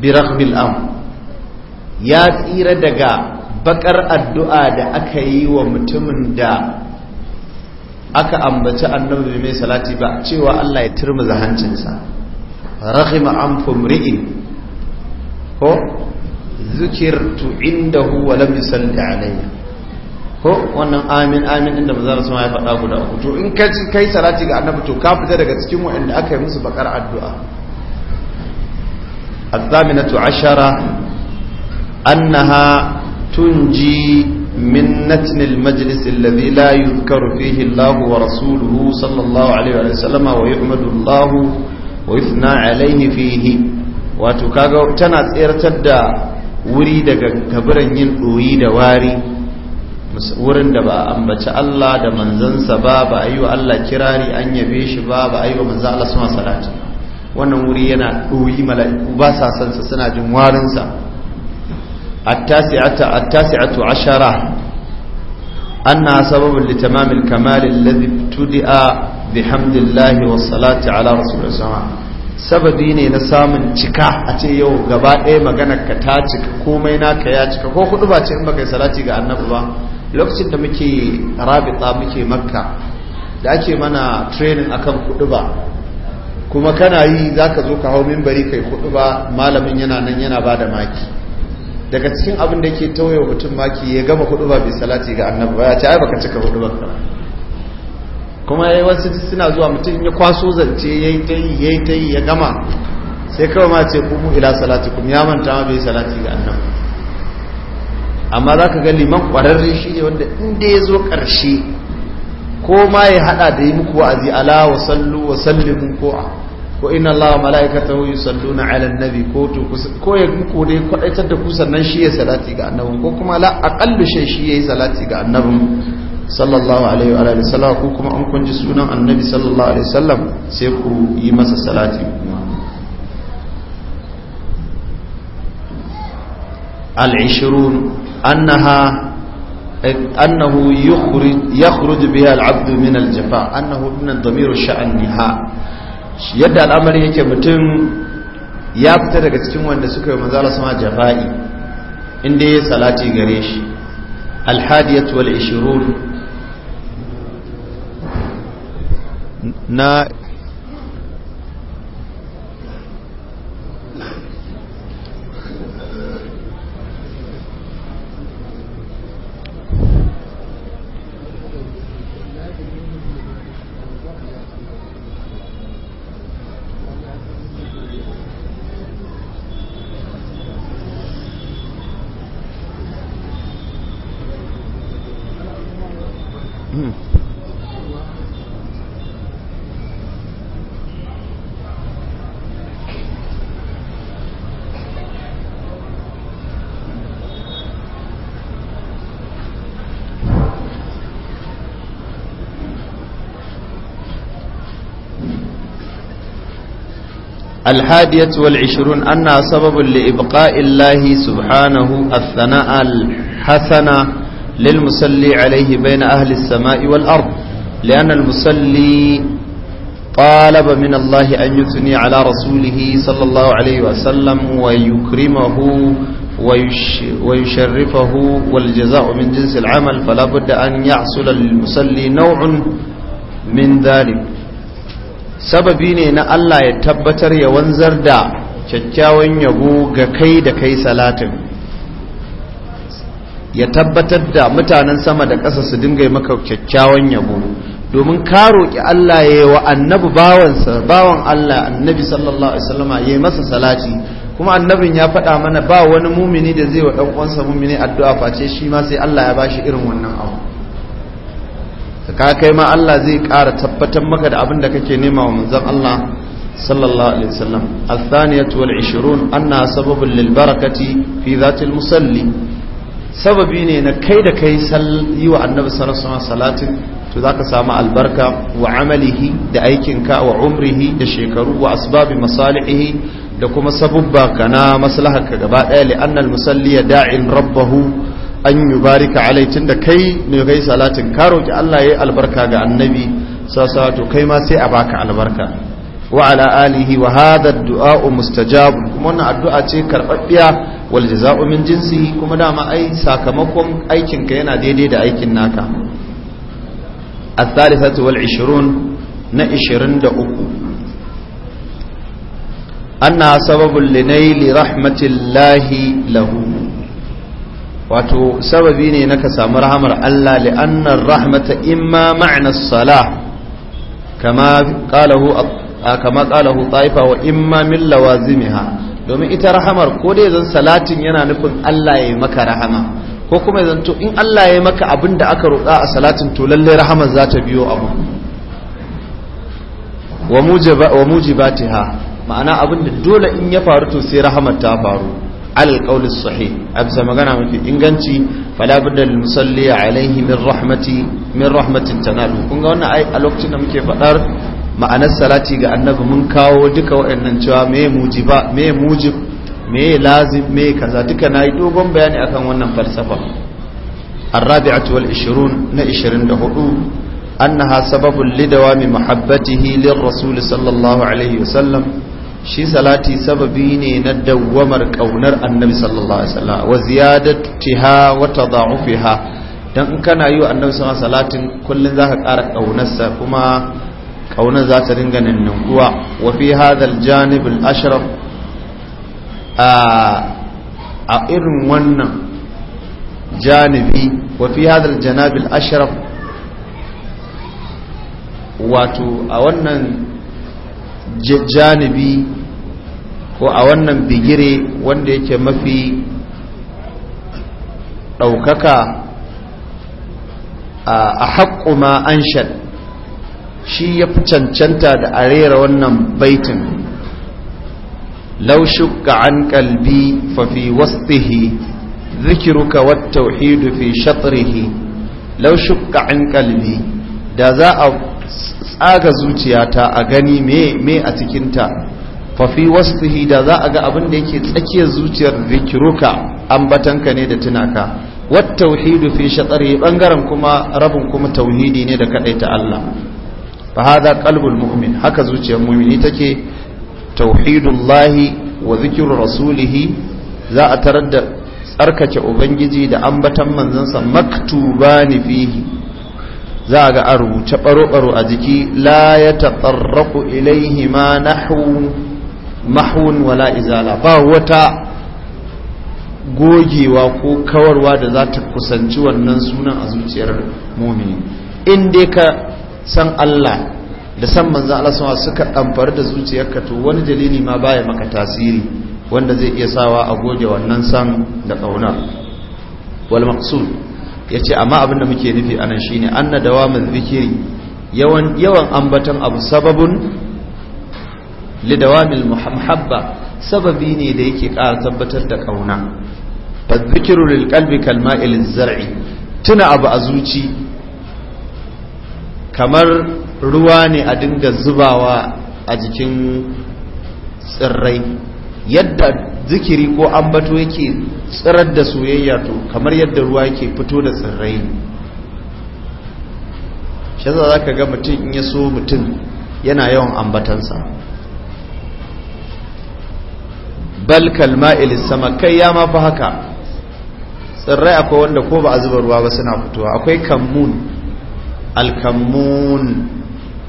bi raghmi al ya tsira daga bakar addu'a da aka yi wa mutumin da aka ambaci annabi mai salati ba cewa Allah ya hancinsa raghima anfu ko zukirtu indahu wa lam yusalli alayya ko wannan amin amin inda manzo Allah ya faɗa guda uku to in kai salati ga annabi to ka fita daga cikin wanda aka yi musu bakar addu'a الثامنة عشرة أنها تنجي من نتن المجلس الذي allahu يذكر فيه الله ورسوله صلى الله عليه وسلم allahu wa ويثنى عليه فيه wato kaga tana tsayartar da wuri daga kaburan yin ɗoyi da wari wurin da ba a ambaci Allah da manzansa ba ba a yi wa Allah kirari an yabe shi ba ba a yi wa manzan Allah suna salati wannan wuri yana ɗoyi mala'iku ba sa san sa suna jin warinsa التاسعة عشرة أنها سبب لتمام الكمال الذي lahi بحمد الله ala على da sama. sababi ne na samun cika a ce yau gaba ɗaya maganar ka ta cika komai naka ya cika ko hudu ba ce in baka yi salati ga annabi ba lokacin da muke rabita muke makka da ake mana training akan hudu ba kuma kana yi za ka zo ka hau mimbari kai hudu ba malamin yana nan yana ba da maki daga cikin abin da ke tauye mutum maki ya gama hudu ba bai salati ga annabi ba ya ce ai baka cika hudu ba kuma wasu suna zuwa mutum ya kwaso zance ya yi ta yi ya yi ta yi ya gama sai kawai ma ce kuma ila salatikum ya manta ma bai salati ga annabi amma za ka ga liman kwararre shi ne wanda inda ya zo ƙarshe ko ma ya haɗa da yi muku wa'azi ala wa sallu wa sallimu ko a ko ina Allah wa mala'ikatahu yusalluna ala nabi ko to ko ya muku dai kwadaitar da ku sannan shi ya salati ga annabin ko kuma la aqallu shay shi yi salati ga annabin sallallahu alaihi wa alihi sallam ko kuma an kun sunan annabi sallallahu alaihi sallam sai ku yi masa salati al-ishrun annaha أنه يخرج, يخرج بها العبد من الجفاء أنه من الضمير الشأنها yadda al'amari yake mutum ya fita daga cikin wanda suka yi manzala sama jafa'i inda ya salati gare shi alhadiyat wal ishirun نا الحادية والعشرون أنها سبب لإبقاء الله سبحانه الثناء الحسن للمصلي عليه بين أهل السماء والأرض لأن المصلي طالب من الله أن يثني على رسوله صلى الله عليه وسلم ويكرمه ويش ويشرفه والجزاء من جنس العمل فلا بد أن يحصل للمصلي نوع من ذلك sababi ne na Allah ya tabbatar ya wanzar da kyakkyawan yabo ga kai da kai salatin ya tabbatar da mutanen sama da ƙasa su dinga maka kyakkyawan yabo domin ka roƙi Allah ya yi wa annabi bawansa bawan Allah annabi sallallahu alaihi wasallam ya yi masa salati kuma annabin ya faɗa mana ba wani mumini da zai wa ɗan uwansa mumini addu'a face shi ma sai Allah ya bashi irin wannan abu ka kai ma Allah zai ƙara tabbatar maka da abin da kake nema wa manzon Allah sallallahu alaihi wasallam athaniyatu wal 20 anna sababun lil barakati fi zatil musalli sababi ne na kai da kai yi wa annabi sallallahu alaihi wasallam salatin to zaka samu albarka wa amalihi da aikinka wa umrihi da shekaru wa asbabi masalihi da kuma sabubba kana ka gaba daya li anna al musalli da'in rabbahu an yi barika alai tun da kai ne kai salatin ka roƙi Allah ya yi albarka ga annabi sasa kai ma sai a baka albarka wa ala alihi wa hada du'a'u mustajabu kuma wannan addu'a ce karɓaɓɓiya wal jaza'u min jinsi kuma dama ai sakamakon aikin ka yana daidai da aikin naka الثالثة والعشرون نعشرين دقوق أنها سبب لنيل رحمة الله له wato sababi ne na ka samu rahamar Allah li'annar rahmata imma ma'na salah kama qalahu kama qalahu taifa wa imma min zimiha domin ita rahamar ko dai zan salatin yana nufin Allah ya maka rahama ko kuma zan to in Allah ya maka abin da aka roƙa a salatin to lalle rahamar za ta biyo abu wa mujibatiha ma'ana abin da dole in ya faru to sai rahamar ta faru alal sahi a bisa magana mafi inganci fala da lil musalli alaihi min rahmatin kun ga wannan a lokacin da muke faɗar ma'anar salati ga annabi mun kawo duka waɗannan cewa me ba me mujib me lazim me kaza duka nayi dogon bayani akan wannan falsafa الرابعة والعشرون نعشرين دهؤو أنها سبب لدوام محبته للرسول صلى الله عليه وسلم shi salati sababi ne na dawwamar kaunar annabi sallallahu alaihi wasallam wa ziyadatiha wa tadha'ufiha dan in kana yi wa annabi sallallahu alaihi wasallam salatin kullun zaka ƙara kaunarsa kuma kaunar za ta dinga ninninkuwa wa fi hadha aljanib alashraf a a irin wannan janibi wa fi hadha aljanab alashraf wato a wannan janibi ko a wannan bigire wanda yake mafi ɗaukaka a haƙƙu ma an shi ya fi cancanta da a rera wannan baitin laushuk ga an kalbi fafi wastihi zikiruka wata wahidu fi shatrihi laushuk ga an kalbi da za a tsaga zuciyata a gani me a cikinta fafi wasfihi da za a ga abin da yake tsakiyar zuciyar zikiruka ambatanka ne da tunaka wat tauhidu fi shatsari bangaren kuma rabin kuma tauhidi ne da ta Allah fa hada qalbul mu'min haka zuciyar mu'mini take tauhidullahi wa zikru rasulihi za a tarar da tsarkake ubangiji da ambatan manzansa maktubani fihi za a ga a rubuce baro-baro a jiki la ya taɓarraku ilaihi ma nahu mahun wala izala ba wata gogewa ko kawarwa da za ta kusanci wannan sunan a zuciyar mumini in dai ka san Allah da san manzo Allah sama suka ɗamfari da zuciyarka to wani dalili ma baya maka tasiri wanda zai iya sawa a goge wannan san da ƙauna wal maqsud yace amma abin da muke nufi anan shine anna dawamin zikiri yawan yawan ambatan abu sababun lidawamil muhabba sababi ne da yake ƙara tabbatar da ƙauna fadhikiru lil qalbi kal zar'i tuna abu a zuci kamar ruwa ne a dinga zubawa a jikin tsirrai yadda zikiri ko ambato yake tsirar da soyayya to kamar yadda ruwa yake fito da tsirrai shi za ka ga mutum in ya so mutum yana yawan ambatansa bal kalma sama kai ya mafi haka tsirrai akwai wanda ko ba a zuba ruwa ba suna fitowa akwai kammun alkammun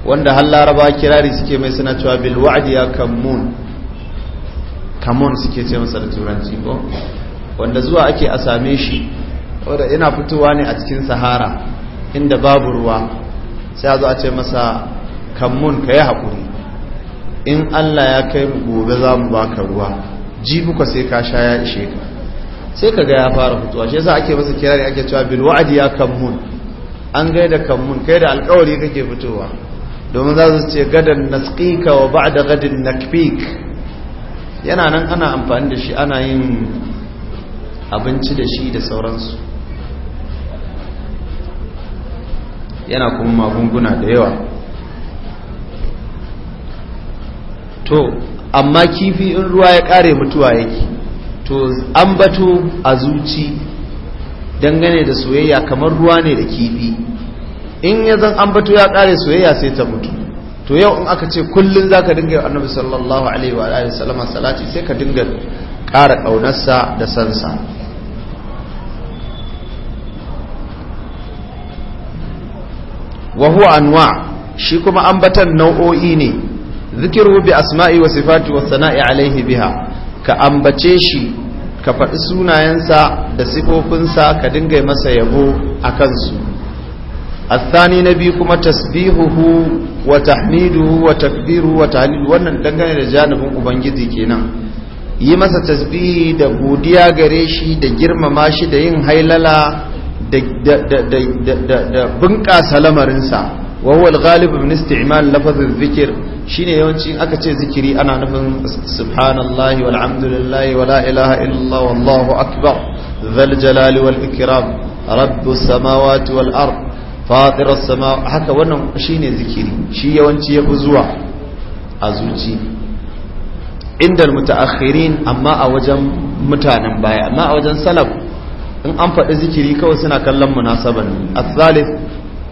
wanda har laraba kirari suke mai suna cewa bil ya kammun kamun suke ce masa da turanci ko wanda zuwa ake a same shi wadda ina fitowa ne a cikin sahara inda babu ruwa sai a zo a ce masa kammun ka yi haƙuri in allah ya kai mu gobe za mu baka ruwa jibuka ka sai ka sha ya ishe ka sai ka ga ya fara fitowa shi yasa ake masa ne ake cewa bil wa'di ya kammun an ga da kammun kai da alƙawari kake fitowa domin za su ce gadan nasqika wa ba'da gadin nakbik yana nan ana amfani da shi ana yin abinci da shi da sauransu yana kuma magunguna da yawa to amma kifi in ruwa ya kare mutuwa yake to an bato a zuci dangane da soyayya kamar ruwa ne da kifi in ya zan an bato ya kare soyayya sai ta mutu to yau in aka ce kullum za ka dinga annabi sallallahu alaihi wa alihi sallama salati sai ka dinga ƙara ƙaunarsa da sansa wa huwa anwa shi kuma ambatan nau'o'i ne zikiru bi asma'i wa sifati wa sana'i alaihi biha ka ambace shi ka faɗi sunayensa da sifofinsa ka dinga masa yabo a kansu tasbihuhu wa tahmiduhu wa takbiru wa وتهليله wannan dangane da janibin ubangiji kenan yi masa tasbihi da godiya gare shi da girmama shi da yin hailala da bunƙasa lamarinsa wa huwa al-ghalib min isti'mal lafazin zikr shine yawanci aka ce zikiri ana nufin subhanallahi walhamdulillahi wala ilaha illallah wallahu akbar dhal jalali wal ikram rabbus samawati wal ard fatir as-sama haka wannan shine zikiri shi yawanci yafi zuwa a zuci inda mutaakhirin amma a wajen mutanen baya amma a wajen salaf in an faɗi zikiri kawai suna kallon munasaban al-thalith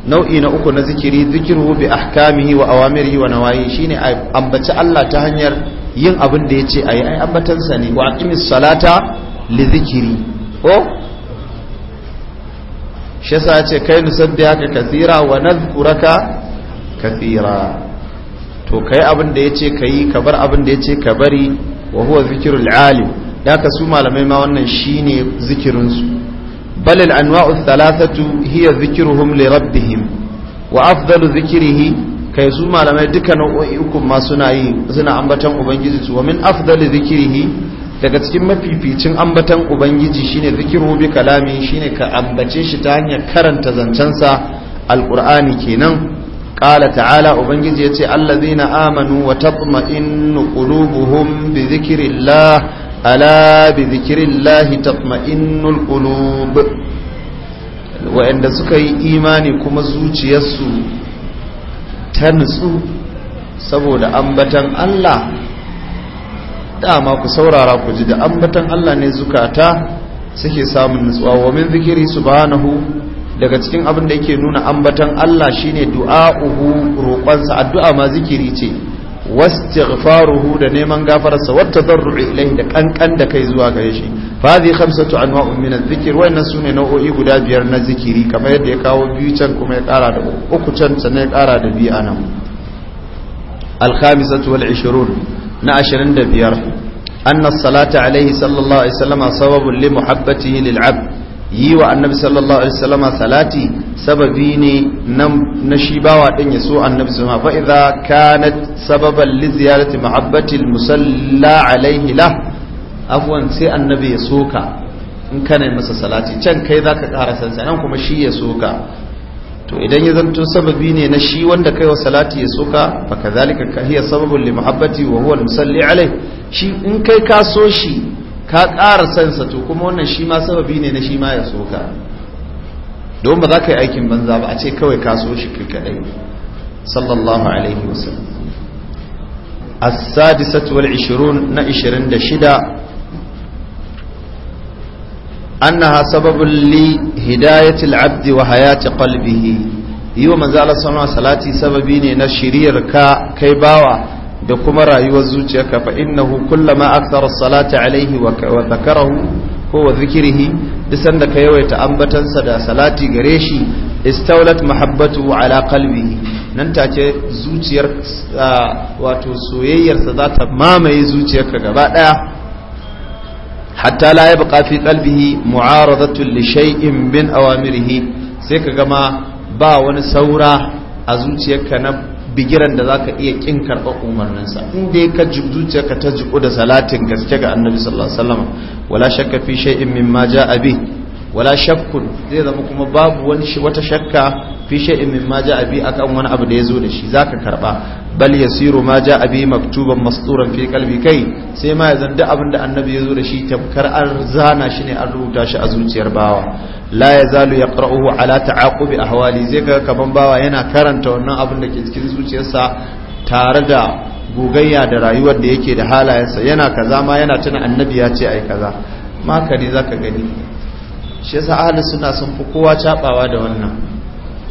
nau'i na uku na zikiri zikiru bi ahkamihi wa awamirihi wa nawayi shine ambaci Allah ta hanyar yin abin da yace ayi ai ambatan sa ne wa aqimis salata li zikiri ko shi yasa yace kai nusaddihaka kathira wa nadhkuraka kathira to kai abin da yace kai ka bar abin da yace ka bari wa huwa zikrul alim da ka su malamai ma wannan shine zikirin su بل الأنواع الثلاثة هي ذكرهم لربهم وأفضل ذكره kai su malamai duka nau'o'i uku ma suna yi suna ambatan ubangiji su wamin afdali zikirihi daga cikin mafificin ambatan ubangiji shine zikiru bi kalami shine ka ambace shi ta hanyar karanta zancensa alqur'ani kenan Ƙala ta'ala ubangiji yace allazina amanu wa tatma'innu qulubuhum bi zikrillah ala bi zikirillahi tatma'innul qulub wa'anda suka yi imani kuma zuciyarsu ta nutsu saboda ambatan Allah dama ku saurara ku ji da ambatan Allah ne zukata suke samun nutsuwa wa min zikiri subhanahu daga cikin abin da yake nuna ambatan Allah shine uhu roƙonsa addu'a ma zikiri ce واستغفاره da neman gafararsa wata zarru ilai da kankan da kai zuwa gare shi fazi khamsatu anwa'un min adh-dhikr wa innasu ne nau'o'i guda biyar na zikiri kamar yadda ya kawo biyu can kuma ya kara da uku can can kara da biyu anan al-khamisatu wal 20 na 25 anna sababun li muhabbatihi lil yi wa annabi sallallahu alaihi wasallama salati sababi ne na shi bawa din ya so annabi sama fa idza kanat sababan li ziyarati mahabbati musalla alaihi la afwan sai annabi ya soka in kana masa salati can kai zaka ƙara san sanan kuma shi ya soka to idan ya zanto sababi ne na shi wanda kai wa salati ya soka fa ka hiya sababun li mahabbati wa huwa musalli alaihi shi in kai ka so shi ka ƙara sansa to kuma wannan shi ma sababi ne na shi ma ya soka don ba za ka yi aikin banza ba a ce kawai ka so shi kaɗai sallallahu alaihi wasallam السادسة والعشرون نعشرين أنها سبب لهداية العبد وحياة قلبه yi wa manzala sama salati sababi ne na shiriyar ka kai bawa da kuma rayuwar zuciyarka fa innahu kullama akthara salati alaihi wa dhakarahu ko wa zikrihi duk ka yawaita ambatansa da salati gare shi istawlat mahabbatu ala qalbihi nan take zuciyar wato soyayyarsa za ta mamaye zuciyarka gaba daya hatta la yabqa fi qalbihi mu'aradatu li shay'in min awamirihi sai ka gama ba wani saura a zuciyarka na bigiran da za ka iya kin karɓar umarninsa in dai ka zuciyarka ta jiku da salatin gaske ga annabi sallallahu alaihi wala shakka fi shay'in mimma ja'a bi wala shakkun zai zama kuma babu wani shi wata shakka fi shay'in mimma ja'a bi akan wani abu da yazo da shi zaka karba bal yasiru ma ja'a bi maktuban masturan fi qalbi kai sai ma yazan duk abin da annabi yazo da shi tamkar an zana shi ne an rubuta shi a zuciyar bawa la yazalu yaqra'uhu ala ta'aqubi ahwali zai ga kaman bawa yana karanta wannan abin da ke cikin zuciyarsa tare da gogayya da rayuwar da yake da halayensa yana kaza ma yana tuna annabi ya ce ai kaza ma kare zaka gani shi yasa ahli sunna sun fi kowa cabawa da wannan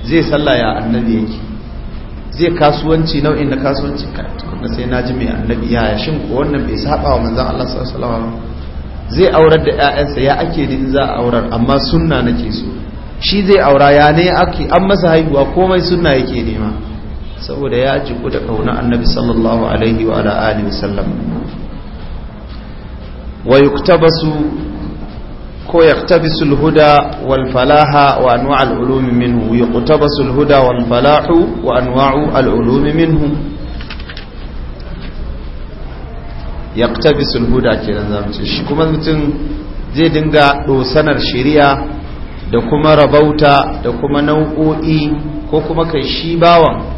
zai sallaya annabi yake zai kasuwanci nau'in da kasuwanci kuma sai na ji mai annabi ya shin ko wannan bai saba wa manzon Allah sallallahu alaihi wasallam zai aurar da ƴaƴansa ya ake din za a aurar amma sunna nake so shi zai aura ya ne ake an masa haihuwa komai sunna yake nema saboda ya ji ku da kauna annabi sallallahu alaihi wa alihi wasallam wa yuktabasu ko yaqtabisul huda wal falaha wa anwa' al ulum minhu yaqtabisul huda wal falahu wa anwa' al ulum minhu yaqtabisul huda ke zamu ce shi kuma mutum zai dinga dosanar shari'a da kuma rabauta da kuma nau'o'i ko kuma kai shi bawan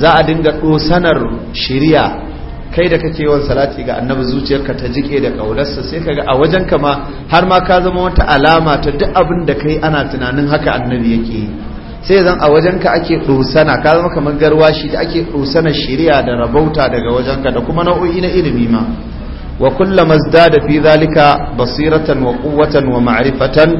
za a dinga dosanar shari'a kai da kake yawan salati ga annabi zuciyarka ta jike da kaularsa sai kaga a wajenka ma har ma ka zama wata alama ta duk abin da kai ana tunanin haka annabi yake yi sai zan a wajenka ake dosana ka zama kamar garwashi da ake dosana shari'a da rabauta daga wajenka da kuma nau'o'i na ilimi ma wa kullama izdada fi zalika basiratan wa quwwatan wa ma'rifatan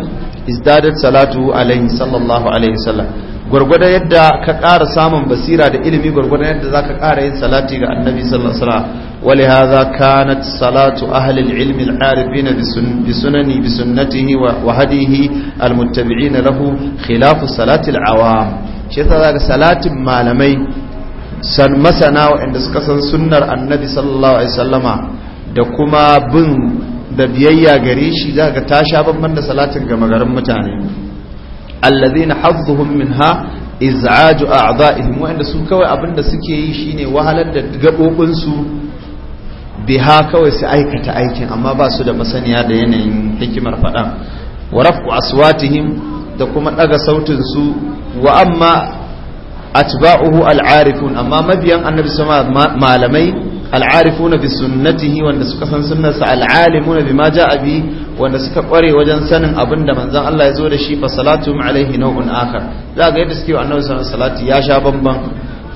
izdadat salatu alaihi sallallahu alaihi wasallam gwargwadon yadda ka ƙara samun basira da ilimi gwargwadon yadda za ka ƙara yin salati ga annabi sallallahu wale ha za ka na salatu ahli al-ilm al-arifin bi wa hadihi almuttabi'i na lahu khilafu salati al-awam shi za ka salatin malamai san masana waɗanda suka san sunnar annabi sallallahu alaihi sallama da kuma bin da biyayya gare shi zaka ta sha bamban da salatin ga magarin mutane allazina hazzuhum minha iz'aju a'dha'ihim wanda su kawai abinda suke yi shine wahalar da gabobin su biha kawai su aikata aikin amma ba su da masaniya da yanayin hikimar faɗa wa rafqu aswatihim da kuma daga sautin su wa amma atba'uhu al'arifun amma mabiyan annabi sama malamai al'arifuna bi sunnatihi wanda suka san sunnarsa al'alimuna bima ja'a bi wanda suka kware wajen sanin abin da manzan Allah ya zo da shi fa salatuhum alaihi naw'un akhar za ga yadda suke wa annabi sallallahu alaihi ya sha bamban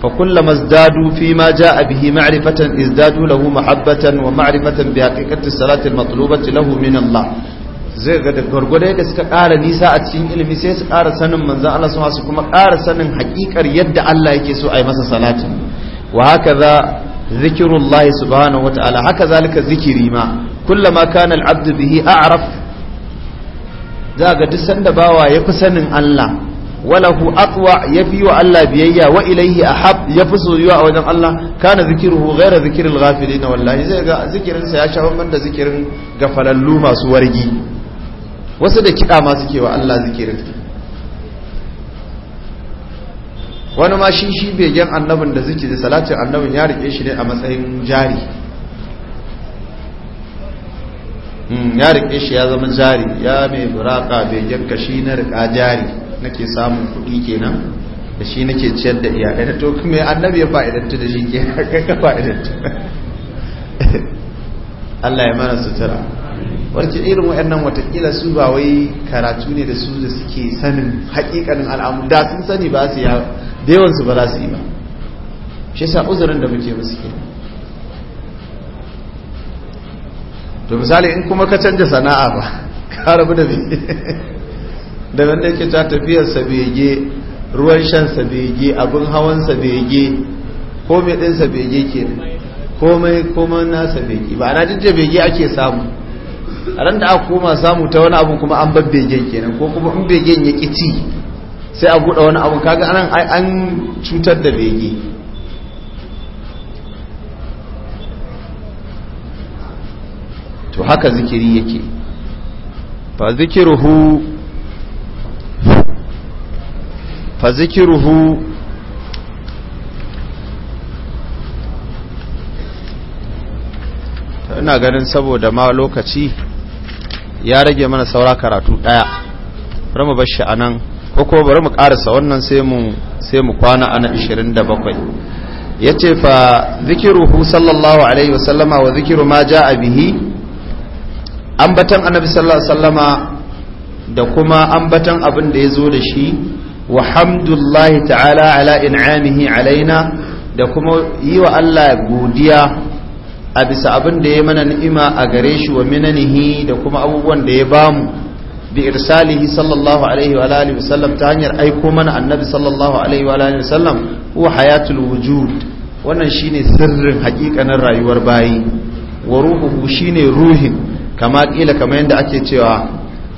fa kullama izdadu fi ma ja'a bihi ma'rifatan izdadu lahu mahabbatan wa ma'rifatan bi haqiqati salati al-matlubati lahu min Allah zai ga da da suka ƙara nisa a cikin ilimi sai su ƙara sanin manzan Allah su kuma ƙara sanin haƙiƙar yadda Allah yake so a yi masa salatin wa haka za zikirullahi subhanahu wata'ala haka zalika zikiri ma kullama kana al'abdu bihi a'raf za ga duk sanda bawa ya sanin Allah walahu atwa ya fi wa Allah biyayya wa ilaihi ahab ya fi soyuwa a wajen Allah kana zikiruhu ghaira zikiril ghafilin wallahi zai ga zikirin sa ya masu wargi wasu da kiɗa wa Allah wani ma shi shi begen annabin da da salatin annabin ya rike shi ne a matsayin jari hmm, ya rike shi ya zama jari ya mai buraka begen ka shi na rika jari nake samun kuɗi kenan da shi nake ciyar da iyalai da to kuma annabi ya fa'idanta da shi ke ka fa'idanta Allah ya mana sutura wacce irin waɗannan watakila su ba wai karatu ne da su da suke sanin haƙiƙanin al'amu da sun sani ba su da yawansu ba za su yi ba shi sa uzurin da muke musu ke da misali in kuma ka canja sana'a ba ka rabu da bege da wanda yake ta tafiyarsa bege ruwan shansa bege abin hawansa bege ko mai ɗinsa bege ke komai komai nasa bege ba na jinjin bege ake samu a ran da aka koma samu ta wani abu kuma an babbe gen kenan ko kuma in begen ya ƙici sai a buɗe wani abu kaga anan an cutar da bege to haka zikiri yake fa zikiruhu fa zikiruhu ina ganin saboda ma lokaci ya rage mana saura karatu daya rama bashi anan ko bari mu karasa wannan sai mu sai mu kwana ana 27 yace fa zikruhu sallallahu alaihi wasallama wa zikiru ma jaa bihi ambatan annabi sallallahu alaihi wasallama da kuma ambatan abin da zo da shi wa hamdullahi ta'ala ala in'amihi alaina da kuma yi wa Allah godiya a bisa abin da ya mana ni'ima a gare shi wa minanihi da kuma abubuwan da ya bamu bi irsalihi sallallahu alaihi wa alihi wasallam ta hanyar aiko mana annabi sallallahu alaihi wa alihi wasallam huwa hayatul wujud wannan shine sirrin hakikanin rayuwar bayi wa ruhuhu shine ruhin kama kila kama yanda ake cewa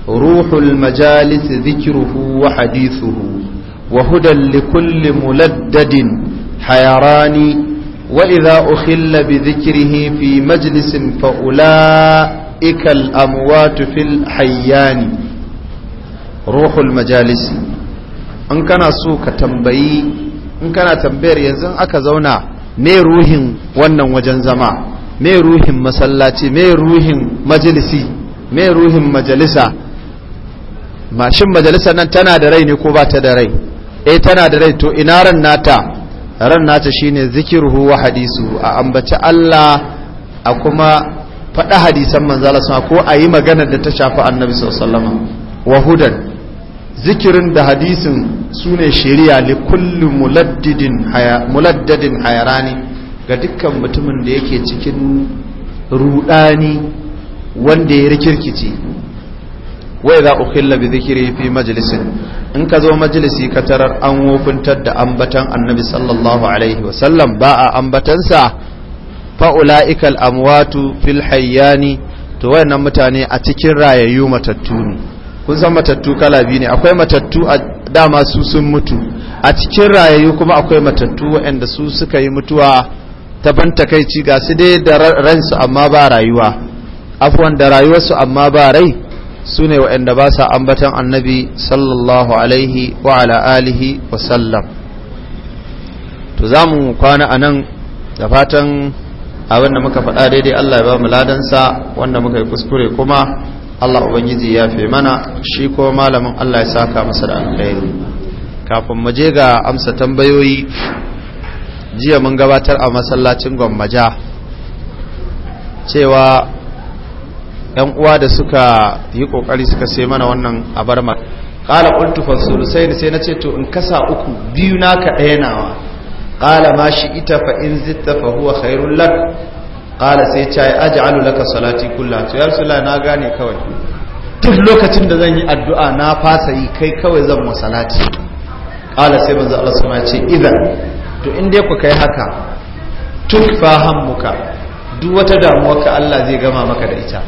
ruhul majalis dhikruhu wa hadithuhu wa hudan likulli muladdadin hayarani wa idha ukhilla bi dhikrihi fi majlisin fa ikal amwatu fil hayyani ruhul majalisi in kana so ka tambayi in kana tambayar yanzu aka zauna me ruhin wannan wajen zama me ruhin masallaci me ruhin majalisi me ruhin majalisa mashin majalisa nan tana da rai ne ko ba ta da rai eh tana da rai to ina ran nata ran nata shine zikiruhu wa hadisu a ambaci Allah a kuma faɗa hadisan manzala sama ko ayi yi maganar da ta shafi annabi sallama wa hudan zikirin da hadisin su ne shari'a li kulli muladdadin hayarani ga dukkan mutumin da yake cikin rudani wanda ya rikirkice wai za ukhilla bi zikiri fi majlisin in ka zo majalisi ka tarar an wofintar da ambatan annabi sallallahu alaihi wasallam ba a ambatansa fa'ula'ika al'amwatu fil hayyani to wayannan mutane a cikin rayayyu matattu ne kun san matattu kala biyu ne akwai matattu a dama su sun mutu a cikin rayayyu kuma akwai matattu waɗanda su suka yi mutuwa ta ban takaici ga su dai da ransu amma ba rayuwa afwan da rayuwarsu amma ba rai su ne wayanda ba sa ambatan annabi sallallahu alaihi wa ala alihi wa sallam to za mu kwana anan da fatan abin da muka faɗa daidai Allah ya ba mu ladansa wanda muka yi kuskure kuma Allah ubangiji ya fi mana shi ko malamin Allah ya saka masa da alkhairi kafin mu je ga amsa tambayoyi jiya mun gabatar a masallacin gwammaja cewa yan uwa da suka yi ƙoƙari suka sai mana wannan abarma ƙala qultu fa sulusai sai ce to in kasa uku biyu naka ɗaya nawa qala ma shi'ita fa in zitta fa huwa khairul lak qala sai ce ai aj'alu laka salati kullaha to ya rasulullah na gane kawai duk lokacin da zan yi addu'a na fasa yi kai kawai zan mu salati qala sai manzo Allah sama ya ce idan to in dai ku kai haka tukfa hammuka duk wata damuwa ka Allah zai gama maka da ita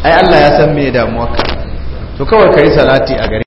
ai Allah ya san me damuwa ka to kawai kai salati a gare